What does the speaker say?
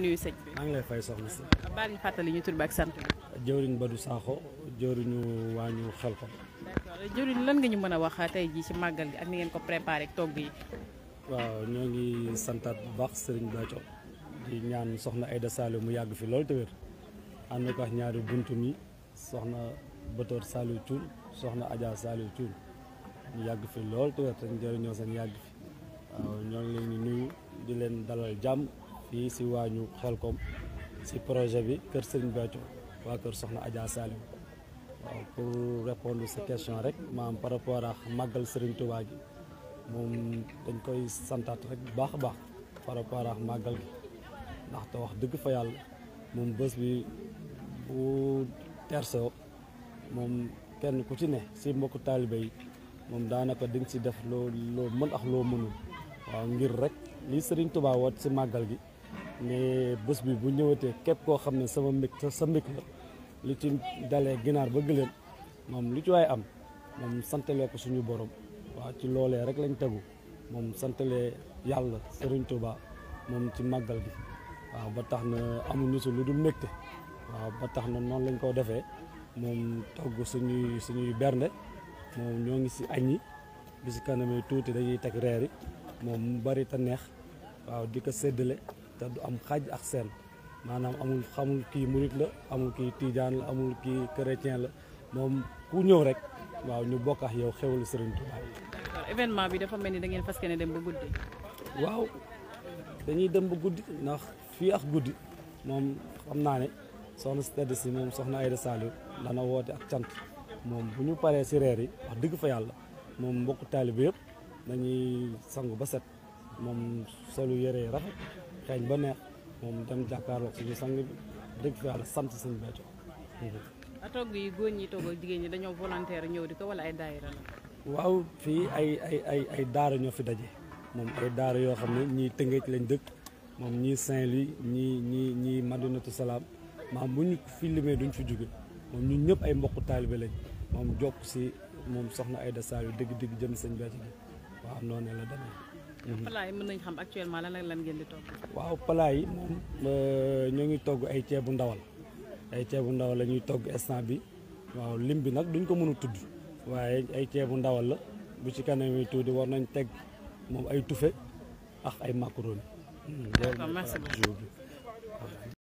nuyu sëñ bi maa ngi lay fay soxna si. baal ñu fàttali ñu tur jëwriñu waa xel ko. d'accord jëwriñ nga ñu mën a wax tey jii ci màggal gi ak ni ngeen ko préparé ak togg yi. waaw ñoo ngi santaat bu baax sëriñ Bacco di ñaan soxna Aïda Saliou mu yàgg fi lool te am na ko ak ñaari buntu mi soxna Batoor Saliou Thioune soxna Adja Saliou Thioune ñu yàgg fi lool te wér te ñu jëriñoo seen yàgg fi waaw ñoo leen di di leen dalal jàmm. fii si waañu xelkom si projet bi kër Serigne Béthio waa kër Soxna Adja Salim waaw pour répondre sa question rek maam par rapport ak màggal Serigne Touba gi moom dañ koy santaat rek bu baax a baax par rapport màggal gi ndaxte wax dëgg fa yàlla moom bés bi kenn ku si mbokku taalibe yi moom daanaka di nga def loo loo mën ak loo mënul waaw ngir rek lii Serigne Touba woot si màggal gi. mais bés bi bu ñëwatee képp koo xam ne sama mbég sa mbég la li ci dalee ginaar ba gëléem moom lu ci waay am moom santalee ko suñu borom waaw ci loolee rek lañ tegu moom santalee yàlla Serigne Touba moom ci màggal bi waaw ba tax na amuñu si lu dul mbégte waaw ba tax na noonu lañ koo defee moom togg suñuy suñuy bernde moom ñoo ngi si añ yi bi si kanamee tuuti dañuy teg reer yi moom mu bari te neex waaw di ko séddale te du am xaaj ak seen maanaam amul xamul kii murit la amul kii tijaan amul kii chrétien la moom ku ñëw rek waaw ñu bokk ak yow xéwalu Serigne Touba. événement bi dafa mel ni da ngeen fas yéene dem ba guddi. waaw dem ba guddi ndax fii ak guddi moom xam naa ne soxna si si moom soxna Aïda Saliou dana woote ak cant moom bu ñu paree si reer yi wax dëgg fa yàlla moom mbokku taalibe yëpp dañuy sangu ba set moom solu yére rafet. xeeñ ba neex moom dem jàkkaarloog suñu sang bi dëgg fi yàlla sant suñu béykat. a togg yi góor ñi togg ak jigéen ñi dañoo volontaire ñëw di ko wala ay daayira la. waaw fii ay ay ay ay daara ñoo fi daje moom ay daara yoo xam ne ñii Tëngéej lañ dëkk moom ñii Saint-Louis ñii ñii ñii Madinatu Salaam maam bu ñu fi limee duñ fi jóge moom ñun ñëpp ay mboqu taalibe lañ moom jokk si moom soxna ay Sall yu dëgg-dëgg jëm sëñ Béthio waaw noonu la demee. Mhm. plat yi mën nañ xam actuellement lan lan ngeen di togg. waaw plat yi moom euh, ñoo ngi togg ay ceebu ndawal ay ceebu ndawal la ñuy togg instant bi waaw lim bi nag duñ ko mën a tudd waaye ay ceebu ndawal la bu ci kanam yi tuuti war nañ teg moom ay tufe ak ay macaroni. Hmm,